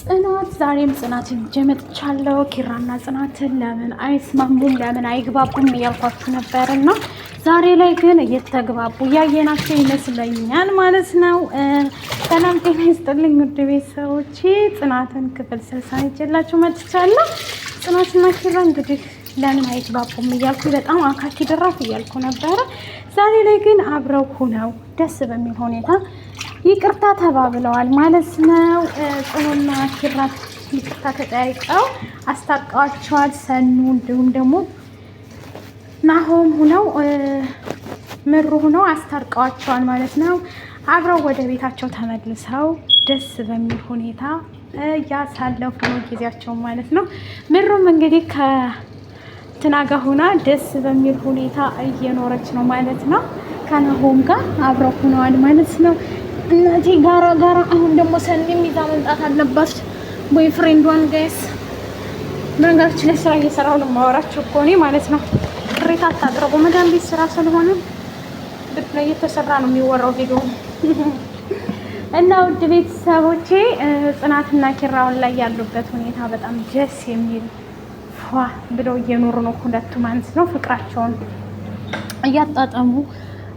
ጽናት ዛሬም ጽናት ይዤ መጥቻለሁ። ኪራና ጽናትን ለምን አይስማሙም ለምን አይግባቡም እያልኳችሁ ነበር እና ዛሬ ላይ ግን እየተግባቡ እያየናቸው ይመስለኛል ማለት ነው። ሰላም ጤና ይስጥልኝ ውድ ቤተሰቦቼ፣ ጽናትን ክፍል ስልሳ ይዤላችሁ መጥቻለሁ። ጽናትና ኪራ እንግዲህ ለምን አይግባቡም እያልኩ በጣም አካኪ ድራፍ እያልኩ ነበረ። ዛሬ ላይ ግን አብረው ሁነው ደስ በሚል ሁኔታ ይቅርታ ተባብለዋል ማለት ነው። ጽኑና ኪራ ይቅርታ ተጠያይቀው አስታርቀዋቸዋል። ሰኑ እንዲሁም ደግሞ ናሆም ሁነው ምሩ ሁነው አስታርቀዋቸዋል ማለት ነው። አብረው ወደ ቤታቸው ተመልሰው ደስ በሚል ሁኔታ እያሳለፉ ነው ጊዜያቸው ማለት ነው። ምሩም እንግዲህ ከእንትና ጋር ሁና ደስ በሚል ሁኔታ እየኖረች ነው ማለት ነው። ከናሆም ጋር አብረው ሁነዋል ማለት ነው። እናቴ ጋራ ጋራ። አሁን ደግሞ ሰኒም ይዛ መምጣት አለባት ቦይ ፍሬንዷን። ጋይስ ነገራችን ላይ ስራ እየሰራሁ ለማወራቸው እኮ እኔ ማለት ነው። ቅሬታ አታቅርቡ። መዳን ቤት ስራ ስለሆነ ብቅ ነው እየተሰራ ነው የሚወራው ቪዲዮ እና ውድ ቤተሰቦቼ ጽናትና ኪራውን ላይ ያሉበት ሁኔታ በጣም ደስ የሚል ፏ ብለው እየኖሩ ነው። ሁለቱ ማለት ነው ፍቅራቸውን እያጣጠሙ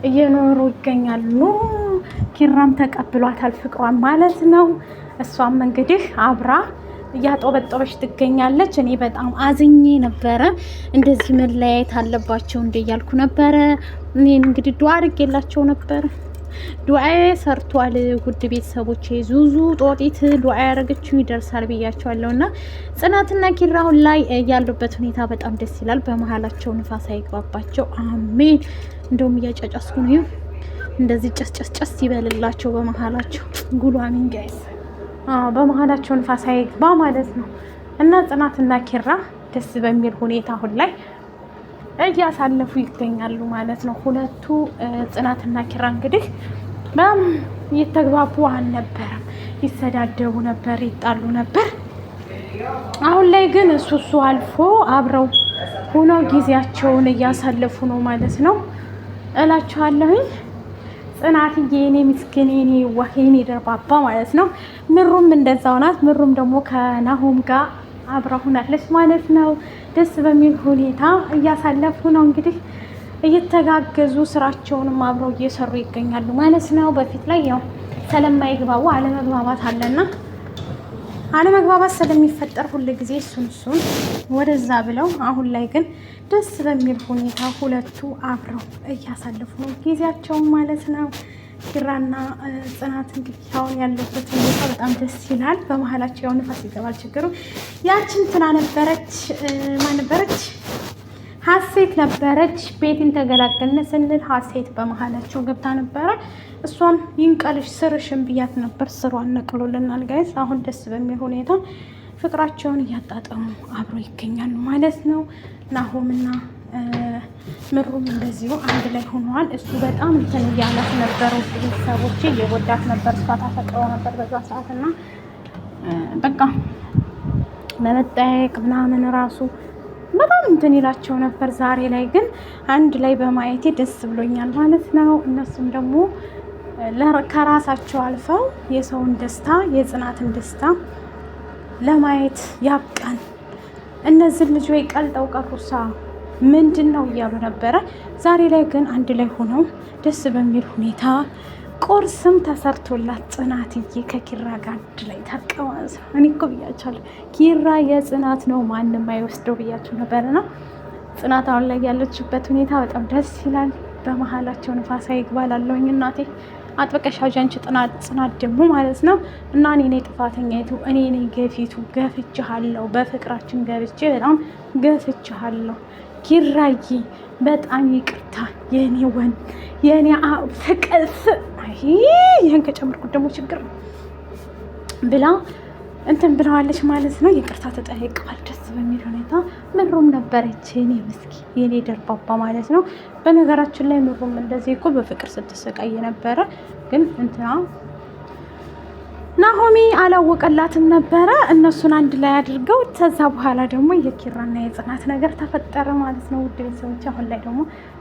እየኖሩ ይገኛሉ። ኪራም ተቀብሏታል ፍቅሯን ማለት ነው። እሷም እንግዲህ አብራ እያጦበጦበች ትገኛለች። እኔ በጣም አዝኜ ነበረ። እንደዚህ መለያየት አለባቸው እንደ እያልኩ ነበረ። እኔን እንግዲህ ዱዓ አድርጌላቸው ነበረ። ዱዓዬ ሰርቷል። ውድ ቤተሰቦቼ ዙዙ ጦጢት ዱዓ ያደረገችው ይደርሳል ብያቸዋለሁ። እና ጽናትና ኪራ አሁን ላይ ያሉበት ሁኔታ በጣም ደስ ይላል። በመሀላቸው ንፋስ አይግባባቸው። አሜን። እንደውም እያጫጫስኩ ነው። እንደዚህ ጨስ ጨስ ጨስ ይበልላቸው በመሀላቸው ጉሏሚን ጋይስ በመሀላቸው ንፋስ አይግባ ማለት ነው። እና ጽናትና ኪራ ደስ በሚል ሁኔታ አሁን ላይ እያሳለፉ ይገኛሉ ማለት ነው። ሁለቱ ጽናትና ኪራ እንግዲህ በም የተግባቡ አልነበረም። ይሰዳደቡ ነበር፣ ይጣሉ ነበር። አሁን ላይ ግን እሱ እሱ አልፎ አብረው ሆነው ጊዜያቸውን እያሳለፉ ነው ማለት ነው እላችኋለሁኝ። ጽናትዬ የኔ ምስኪን የኔ ዋህ የኔ ደርባባ ማለት ነው። ምሩም እንደዛው ናት። ምሩም ደግሞ ከናሆም ጋር አብራ ሁናለች ማለት ነው። ደስ በሚል ሁኔታ እያሳለፉ ነው እንግዲህ እየተጋገዙ ስራቸውንም አብረው እየሰሩ ይገኛሉ ማለት ነው። በፊት ላይ ያው ስለማይግባቡ አለመግባባት አለና አለመግባባት ስለሚፈጠር ሁል ጊዜ እሱን እሱን ወደዛ ብለው፣ አሁን ላይ ግን ደስ በሚል ሁኔታ ሁለቱ አብረው እያሳለፉ ነው ጊዜያቸውን ማለት ነው። ኪራና ጽናት እንግዲህ አሁን ያለበት ሁኔታ በጣም ደስ ይላል። በመሀላቸው ያው ንፋስ ይገባል። ችግሩ ያችን ትና ነበረች ማን ነበረች? ሀሴት ነበረች። ቤትን ተገላገልን ስንል ሀሴት በመሀላቸው ገብታ ነበረ። እሷም ይንቀልሽ ስርሽን ብያት ነበር። ስሯን ነቅሎልናል ጋይስ። አሁን ደስ በሚል ሁኔታ ፍቅራቸውን እያጣጠሙ አብሮ ይገኛሉ ማለት ነው። ናሆምና ምሩም እንደዚሁ አንድ ላይ ሆነዋል። እሱ በጣም እንትን እያላት ነበር፣ ውድ ቤተሰቦቼ እየጎዳት ነበር። እሷ ታፈቅረው ነበር በዛ ሰዓት እና በቃ በመጠያየቅ ምናምን ራሱ በጣም እንትን ይላቸው ነበር። ዛሬ ላይ ግን አንድ ላይ በማየቴ ደስ ብሎኛል ማለት ነው። እነሱም ደግሞ ከራሳቸው አልፈው የሰውን ደስታ የጽናትን ደስታ ለማየት ያብቃን። ልጅ ልጆች ቀልጠው ቀሩሳ ምንድን ነው እያሉ ነበረ። ዛሬ ላይ ግን አንድ ላይ ሆነው ደስ በሚል ሁኔታ ቁርስም ተሰርቶላት ጽናትዬ ከኪራ ጋር አንድ ላይ ታቀማዘ። እኔ እኮ ብያቸዋለሁ ኪራ የጽናት ነው ማንም አይወስደው ብያቸው ነበርና ጽናት አሁን ላይ ያለችበት ሁኔታ በጣም ደስ ይላል። በመሀላቸው ንፋሳ ይግባላለውኝ እናቴ አጥብቀሽ ያዥ አንቺ ጥናት ጽናት ደግሞ ማለት ነው እና እኔ ነኝ ጥፋተኛይቱ እኔ ነኝ ገፊቱ ገፍችሃለሁ በፍቅራችን ገብቼ በጣም ገፍችሃለሁ ኪራዬ በጣም ይቅርታ የእኔ ወን የእኔ ፍቅፍ ይህን ከጨመርኩት ደግሞ ችግር ነው ብላ እንትን ብለዋለች ማለት ነው። ይቅርታ ተጠይቀዋል። ደስ በሚል ሁኔታ ምሩም ነበረች የኔ ምስኪን የኔ ደርባባ ማለት ነው። በነገራችን ላይ ምሩም እንደዚህ እኮ በፍቅር ስትሰቃይ ነበረ። ግን እንትና ናሆሚ አላወቀላትም ነበረ። እነሱን አንድ ላይ አድርገው ከዛ በኋላ ደግሞ የኪራና የጽናት ነገር ተፈጠረ ማለት ነው። ውድ ቤተሰቦች አሁን ላይ ደግሞ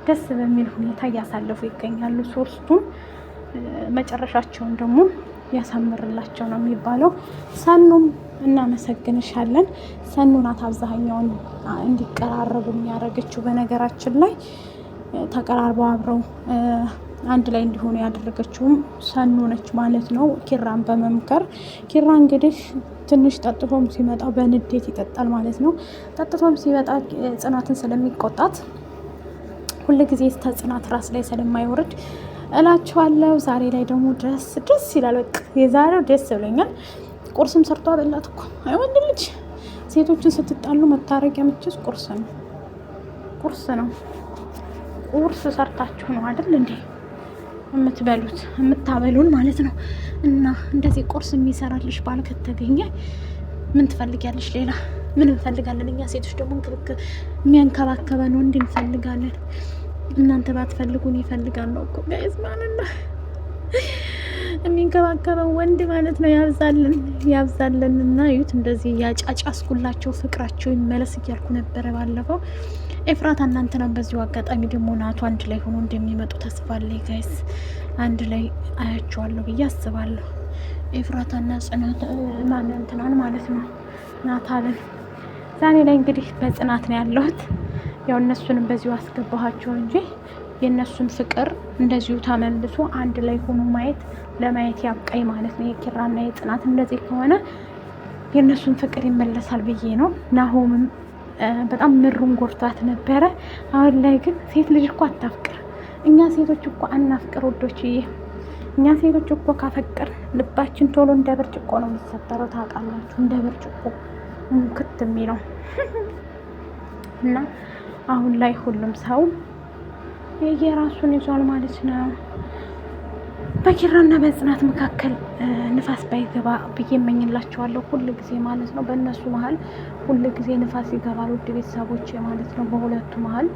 ደስ በሚል ሁኔታ እያሳለፉ ይገኛሉ። ሶስቱም መጨረሻቸውን ደግሞ ያሳምርላቸው ነው የሚባለው። ሰኑም እናመሰግንሻለን። ሰኑ ናት አብዛኛውን እንዲቀራረቡ የሚያደርገችው። በነገራችን ላይ ተቀራርበው አብረው አንድ ላይ እንዲሆኑ ያደረገችውም ሰኑ ነች ማለት ነው። ኪራን በመምከር ኪራ እንግዲህ ትንሽ ጠጥቶም ሲመጣ በንዴት ይጠጣል ማለት ነው። ጠጥቶም ሲመጣ ጽናትን ስለሚቆጣት ሁልጊዜ ተጽናት ራስ ላይ ስለማይወርድ እላችኋለሁ። ዛሬ ላይ ደግሞ ደስ ደስ ይላል። በቃ የዛሬው ደስ ብሎኛል። ቁርስም ሰርቶ አበላት እኮ አይወንድ ልጅ። ሴቶችን ስትጣሉ መታረቂያ ምችስ ቁርስ ነው፣ ቁርስ ነው። ቁርስ ሰርታችሁ ነው አይደል እንዴ የምትበሉት የምታበሉን ማለት ነው። እና እንደዚህ ቁርስ የሚሰራልሽ ባል ከተገኘ ምን ትፈልጊያለሽ ሌላ? ምን እንፈልጋለን እኛ ሴቶች ደግሞ የሚያንከባከበን ወንድ እንፈልጋለን። እናንተ ባትፈልጉን ይፈልጋል ነው እኮ ጋይዝ ማለት ነው። የሚንከባከበው ወንድ ማለት ነው። ያብዛልን ያብዛልን። እና ዩት እንደዚህ ያጫጫስኩላቸው ፍቅራቸው ይመለስ እያልኩ ነበረ ባለፈው ኤፍራት ነው። በዚሁ አጋጣሚ ደግሞ ናቱ አንድ ላይ ሆኖ እንደሚመጡ ተስፋ አለኝ ጋይስ። አንድ ላይ አያቸዋለሁ ብዬ አስባለሁ። ኤፍራታና ጽናት ማን እንትናን ማለት ነው ናታልን። ዛኔ ላይ እንግዲህ በጽናት ነው ያለሁት። ያው እነሱንም በዚሁ አስገባኋቸው እንጂ የእነሱን ፍቅር እንደዚሁ ተመልሶ አንድ ላይ ሆኖ ማየት ለማየት ያብቃኝ ማለት ነው። የኪራና የጽናት እንደዚህ ከሆነ የእነሱን ፍቅር ይመለሳል ብዬ ነው። ናሆምም በጣም ምሩን ጎርቷት ነበረ። አሁን ላይ ግን ሴት ልጅ እኮ አታፍቅር። እኛ ሴቶች እኮ አናፍቅር ወዶች እኛ ሴቶች እኮ ካፈቅር ልባችን ቶሎ እንደ ብርጭቆ ነው የሚሰበረው። ታውቃላችሁ፣ እንደ ብርጭቆ ምክት የሚለው እና አሁን ላይ ሁሉም ሰው የየራሱን ይዟል ማለት ነው። በኪራና በጽናት መካከል ንፋስ ባይገባ ብዬ እመኝላቸዋለሁ ሁል ጊዜ ማለት ነው። በእነሱ መሀል ሁል ጊዜ ንፋስ ይገባል፣ ውድ ቤተሰቦች ማለት ነው። በሁለቱ መሀል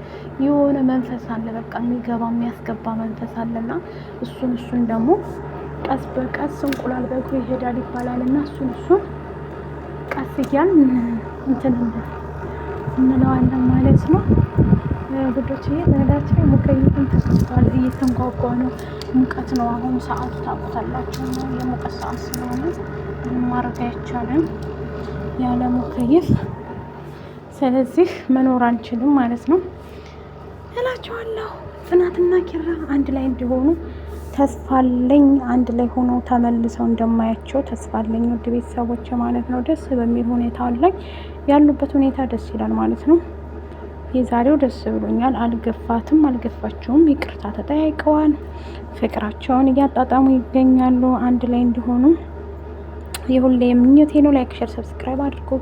የሆነ መንፈስ አለ፣ በቃ የሚገባ የሚያስገባ መንፈስ አለና እሱን እሱን ደግሞ ቀስ በቀስ እንቁላል በእግሩ ይሄዳል ይባላል እና እሱን እሱን ቀስ እያል እንትን እንለዋለን ማለት ነው። ጉዶች በነዳችን ሙቀይትን ተከስቷል። እየተንጓጓ ነው። ሙቀት ነው አሁን ሰዓቱ ነው። የሙቀት ሰዓት ስለሆነ ማድረግ አይቻልም ያለ ሙከይፍ። ስለዚህ መኖር አንችልም ማለት ነው እላቸዋለሁ። ጽናትና ኪራ አንድ ላይ እንዲሆኑ ተስፋለኝ አንድ ላይ ሆኖ ተመልሰው እንደማያቸው ተስፋለኝ አለኝ። ውድ ቤተሰቦች ማለት ነው። ደስ በሚል ሁኔታ ላይ ያሉበት ሁኔታ ደስ ይላል ማለት ነው። የዛሬው ደስ ብሎኛል። አልገፋትም አልገፋችውም ይቅርታ ተጠያይቀዋል። ፍቅራቸውን እያጣጣሙ ይገኛሉ። አንድ ላይ እንዲሆኑ የሁሌ ምኞቴ ነው። ላይክ፣ ሸር፣ ሰብስክራይብ አድርጎ